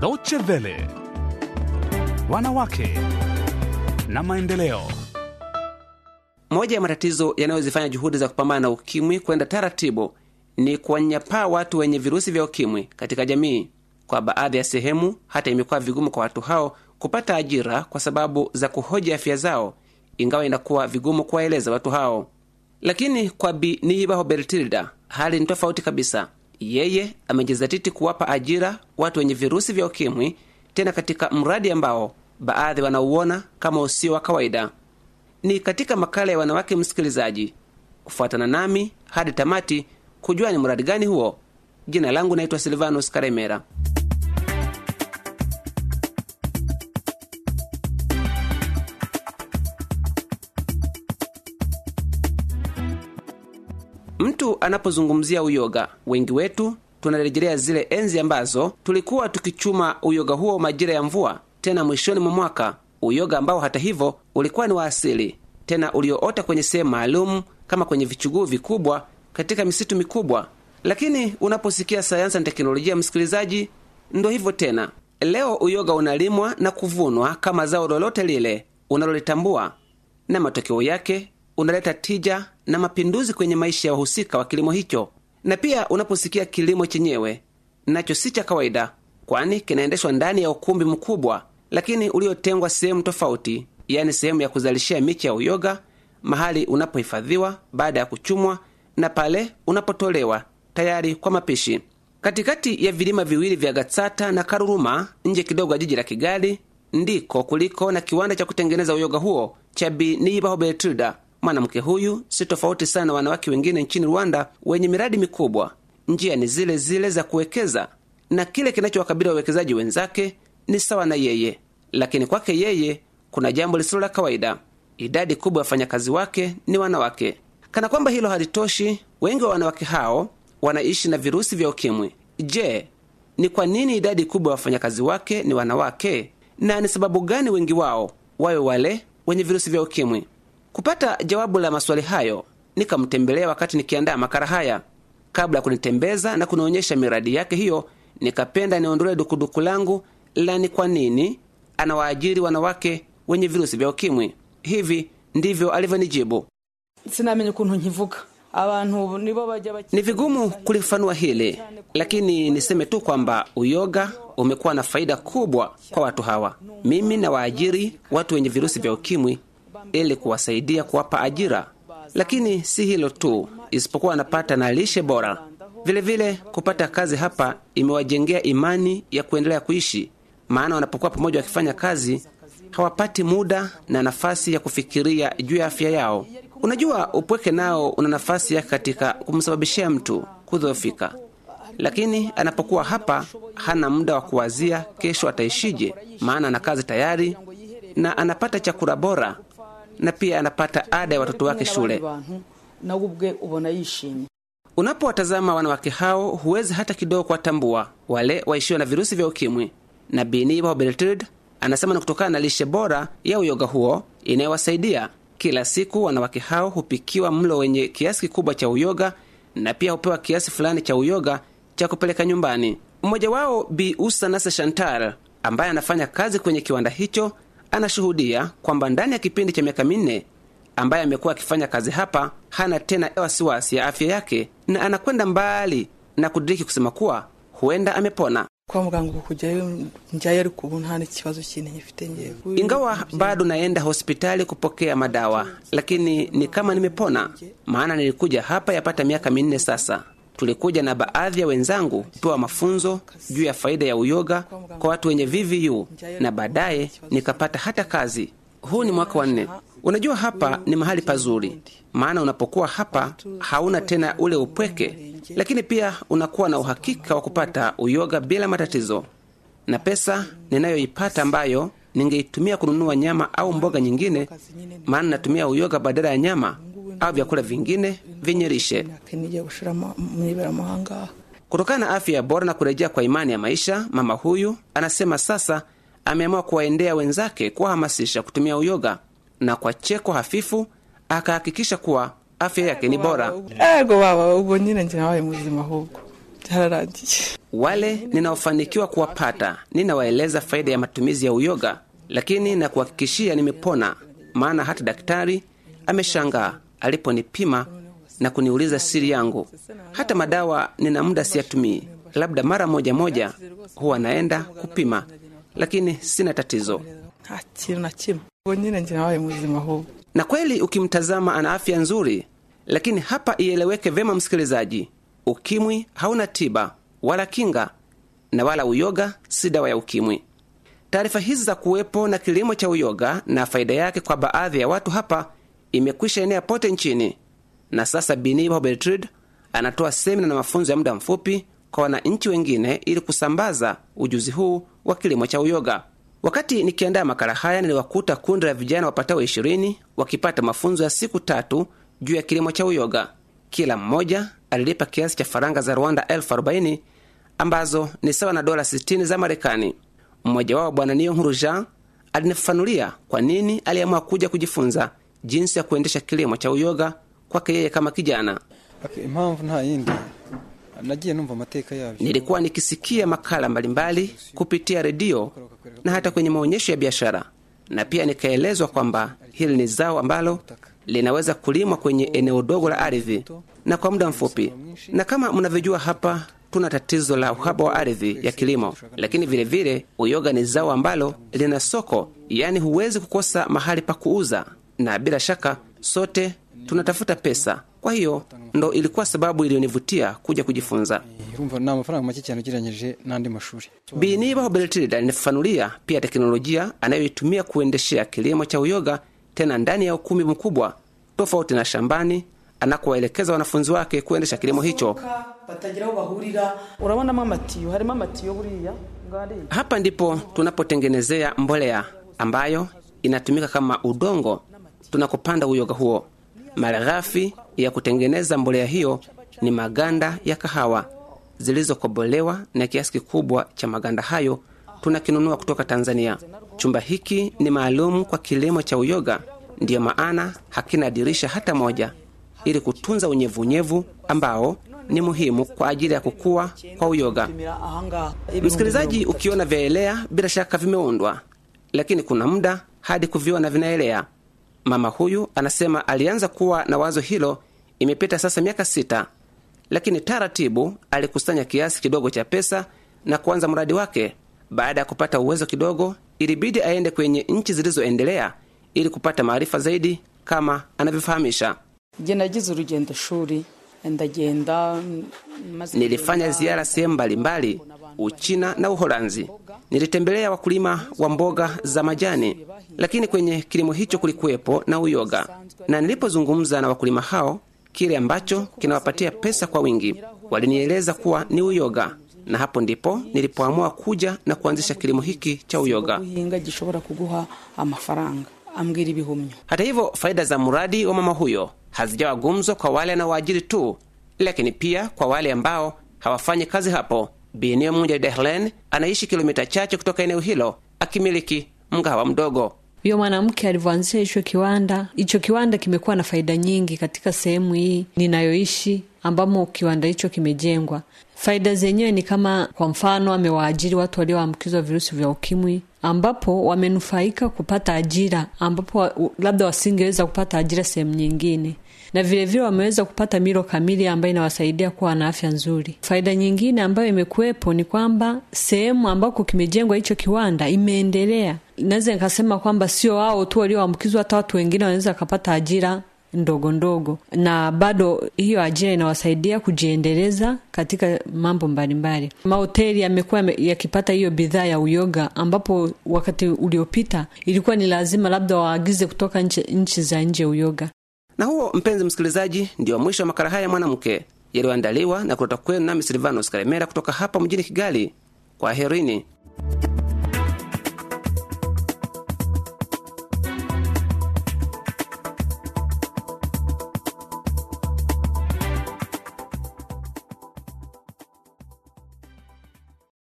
Deutsche Welle, wanawake na maendeleo. Moja ya matatizo yanayozifanya juhudi za kupambana na ukimwi kwenda taratibu ni kuwanyapaa watu wenye virusi vya ukimwi katika jamii. Kwa baadhi ya sehemu, hata imekuwa vigumu kwa watu hao kupata ajira kwa sababu za kuhoji afya zao, ingawa inakuwa vigumu kuwaeleza watu hao. Lakini kwa Bi Niyibaho Bertilda hali ni tofauti kabisa. Yeye amejizatiti kuwapa ajira watu wenye virusi vya ukimwi, tena katika mradi ambao baadhi wanauona kama usio wa kawaida. Ni katika makala ya wanawake, msikilizaji, kufuatana nami hadi tamati kujua ni mradi gani huo. Jina langu naitwa Silvanus Karemera. Mtu anapozungumzia uyoga, wengi wetu tunarejelea zile enzi ambazo tulikuwa tukichuma uyoga huo majira ya mvua, tena mwishoni mwa mwaka, uyoga ambao hata hivyo ulikuwa ni wa asili, tena ulioota kwenye sehemu maalum kama kwenye vichuguu vikubwa katika misitu mikubwa. Lakini unaposikia sayansi na teknolojia, msikilizaji, ndo hivyo tena. Leo uyoga unalimwa na kuvunwa kama zao lolote lile unalolitambua, na matokeo yake unaleta tija na mapinduzi kwenye maisha ya wahusika wa kilimo hicho, na pia unaposikia kilimo chenyewe nacho si cha kawaida, kwani kinaendeshwa ndani ya ukumbi mkubwa lakini uliotengwa sehemu tofauti, yaani sehemu ya kuzalishia miche ya uyoga, mahali unapohifadhiwa baada ya kuchumwa na pale unapotolewa tayari kwa mapishi. Katikati ya vilima viwili vya Gatsata na Karuruma, nje kidogo ya jiji la Kigali, ndiko kuliko na kiwanda cha kutengeneza uyoga huo cha Binibaho Mwanamke huyu si tofauti sana na wanawake wengine nchini Rwanda wenye miradi mikubwa. Njia ni zile zile za kuwekeza, na kile kinachowakabili wawekezaji wenzake ni sawa na yeye, lakini kwake yeye kuna jambo lisilo la kawaida: idadi kubwa ya wafanyakazi wake ni wanawake. Kana kwamba hilo halitoshi, wengi wa wanawake hao wanaishi na virusi vya ukimwi. Je, ni kwa nini idadi kubwa ya wafanyakazi wake ni wanawake, na ni sababu gani wengi wao wawe wale wenye virusi vya ukimwi? Kupata jawabu la maswali hayo, nikamtembelea wakati nikiandaa makara haya. Kabla ya kunitembeza na kunionyesha miradi yake hiyo, nikapenda niondole dukuduku langu la ni kwa nini anawaajiri wanawake wenye virusi vya ukimwi. Hivi ndivyo alivyonijibu: ni vigumu kulifanua hili, lakini niseme tu kwamba uyoga umekuwa na faida kubwa kwa watu hawa. Mimi nawaajiri watu wenye virusi vya ukimwi ili kuwasaidia kuwapa ajira, lakini si hilo tu, isipokuwa anapata na lishe bora vilevile. Vile kupata kazi hapa imewajengea imani ya kuendelea kuishi, maana wanapokuwa pamoja wakifanya kazi hawapati muda na nafasi ya kufikiria juu ya afya yao. Unajua, upweke nao una nafasi yake katika kumsababishia mtu kudhoofika, lakini anapokuwa hapa hana muda wa kuwazia kesho ataishije, maana ana kazi tayari na anapata chakula bora na pia anapata ada ya watoto wake shule. Unapowatazama wanawake hao huwezi hata kidogo kuwatambua wale waishiwa na virusi vya ukimwi. Na Biniba Beltrid anasema ni kutokana na lishe bora ya uyoga huo inayowasaidia. Kila siku wanawake hao hupikiwa mlo wenye kiasi kikubwa cha uyoga na pia hupewa kiasi fulani cha uyoga cha kupeleka nyumbani. Mmoja wao Bi Usanase Shantar ambaye anafanya kazi kwenye kiwanda hicho anashuhudia kwamba ndani ya kipindi cha miaka minne ambaye amekuwa akifanya kazi hapa hana tena wasiwasi ya afya yake, na anakwenda mbali na kudiriki kusema kuwa huenda amepona. Ingawa bado naenda hospitali kupokea madawa, lakini ni kama nimepona, maana nilikuja hapa yapata miaka minne sasa tulikuja na baadhi ya wenzangu kupewa mafunzo juu ya faida ya uyoga kwa watu wenye VVU na baadaye nikapata hata kazi. Huu ni mwaka wa nne. Unajua, hapa ni mahali pazuri, maana unapokuwa hapa hauna tena ule upweke, lakini pia unakuwa na uhakika wa kupata uyoga bila matatizo, na pesa ninayoipata ambayo ningeitumia kununua nyama au mboga nyingine, maana natumia uyoga badala ya nyama au vyakula vingine vyenye lishe. Kutokana na afya ya bora na kurejea kwa imani ya maisha, mama huyu anasema sasa ameamua kuwaendea wenzake kuwahamasisha kutumia uyoga, na kwa cheko hafifu akahakikisha kuwa afya yake ni bora. Wale ninaofanikiwa kuwapata ninawaeleza faida ya matumizi ya uyoga, lakini na kuhakikishia nimepona, maana hata daktari ameshangaa aliponipima na kuniuliza siri yangu. Hata madawa nina muda siyatumii, labda mara moja moja huwa naenda kupima, lakini sina tatizo. Na kweli ukimtazama ana afya nzuri, lakini hapa ieleweke vema, msikilizaji, ukimwi hauna tiba wala kinga, na wala uyoga si dawa ya ukimwi. Taarifa hizi za kuwepo na kilimo cha uyoga na faida yake kwa baadhi ya watu hapa imekwisha enea pote nchini, na sasa Biniba Bertrand anatoa semina na mafunzo ya muda mfupi kwa wananchi wengine ili kusambaza ujuzi huu wa kilimo cha uyoga. Wakati nikiandaa makala haya, niliwakuta kundi la vijana wapatao ishirini wakipata mafunzo ya siku tatu juu ya kilimo cha uyoga. Kila mmoja alilipa kiasi cha faranga za Rwanda elfu arobaini ambazo ni sawa na dola 60 za Marekani. Mmoja wao Bwana Niyo Nkuru Jean alinifafanulia kwa nini aliamua kuja kujifunza jinsi ya kuendesha kilimo cha uyoga kwake yeye kama kijana. Nilikuwa nikisikia makala mbalimbali kupitia redio na hata kwenye maonyesho ya biashara, na pia nikaelezwa kwamba hili ni zao ambalo linaweza kulimwa kwenye eneo dogo la ardhi na kwa muda mfupi. Na kama mnavyojua, hapa tuna tatizo la uhaba wa ardhi ya kilimo, lakini vilevile vile, uyoga ni zao ambalo lina soko, yaani huwezi kukosa mahali pa kuuza na bila shaka sote tunatafuta pesa. Kwa hiyo ndo ilikuwa sababu iliyonivutia kuja kujifunza. Binibaho Beltrid alinifafanulia pia teknolojia anayoitumia kuendeshea kilimo cha uyoga, tena ndani ya ukumbi mkubwa, tofauti na shambani anakowaelekeza wanafunzi wake kuendesha kilimo hicho. Hapa ndipo tunapotengenezea mbolea ambayo inatumika kama udongo tunakopanda uyoga huo. Malighafi ya kutengeneza mbolea hiyo ni maganda ya kahawa zilizokobolewa na kiasi kikubwa cha maganda hayo tunakinunua kutoka Tanzania. Chumba hiki ni maalum kwa kilimo cha uyoga, ndiyo maana hakina dirisha hata moja, ili kutunza unyevunyevu ambao ni muhimu kwa ajili ya kukua kwa uyoga. Msikilizaji, ukiona vyaelea bila shaka vimeundwa, lakini kuna muda hadi kuviona vinaelea. Mama huyu anasema alianza kuwa na wazo hilo imepita sasa miaka sita, lakini taratibu alikusanya kiasi kidogo cha pesa na kuanza mradi wake. Baada ya kupata uwezo kidogo, ilibidi aende kwenye nchi zilizoendelea ili kupata maarifa zaidi, kama anavyofahamisha. Je, nagize urugendo shuri Mm, Nilifanya ziara sehemu mbalimbali Uchina na Uholanzi. Nilitembelea wakulima wa mboga za majani, lakini kwenye kilimo hicho kulikuwepo na uyoga, na nilipozungumza na wakulima hao kile ambacho kinawapatia pesa kwa wingi, walinieleza kuwa ni uyoga, na hapo ndipo nilipoamua kuja na kuanzisha kilimo hiki cha uyoga amwira ibihumyo. Hata hivyo, faida za mradi wa mama huyo hazijawagumzwa kwa wale anaowaajiri tu, lakini pia kwa wale ambao hawafanyi kazi hapo. Bi mmoja Dehlen anaishi kilomita chache kutoka eneo hilo akimiliki mgawa mdogo. Huyo mwanamke alivyoanzisha hicho kiwanda, hicho kiwanda kimekuwa na faida nyingi katika sehemu hii ninayoishi ambamo kiwanda hicho kimejengwa. Faida zenyewe ni kama kwa mfano, amewaajiri watu walioambukizwa virusi vya ukimwi ambapo wamenufaika kupata ajira ambapo wa, labda wasingeweza kupata ajira sehemu nyingine, na vilevile wameweza kupata milo kamili ambayo inawasaidia kuwa na afya nzuri. Faida nyingine ambayo imekuwepo ni kwamba sehemu ambako kimejengwa hicho kiwanda imeendelea. Naweza nikasema kwamba sio wao tu walioambukizwa, hata watu wengine wanaweza wakapata ajira ndogo ndogo, na bado hiyo ajira inawasaidia kujiendeleza katika mambo mbalimbali. Mahoteli yamekuwa yakipata hiyo bidhaa ya uyoga, ambapo wakati uliopita ilikuwa ni lazima labda waagize kutoka nchi, nchi za nje uyoga. Na huo mpenzi msikilizaji, ndio mwisho wa makala haya mwanamke yaliyoandaliwa na kuleta kwenu, nami Silvanos Karemera kutoka hapa mjini Kigali. kwa herini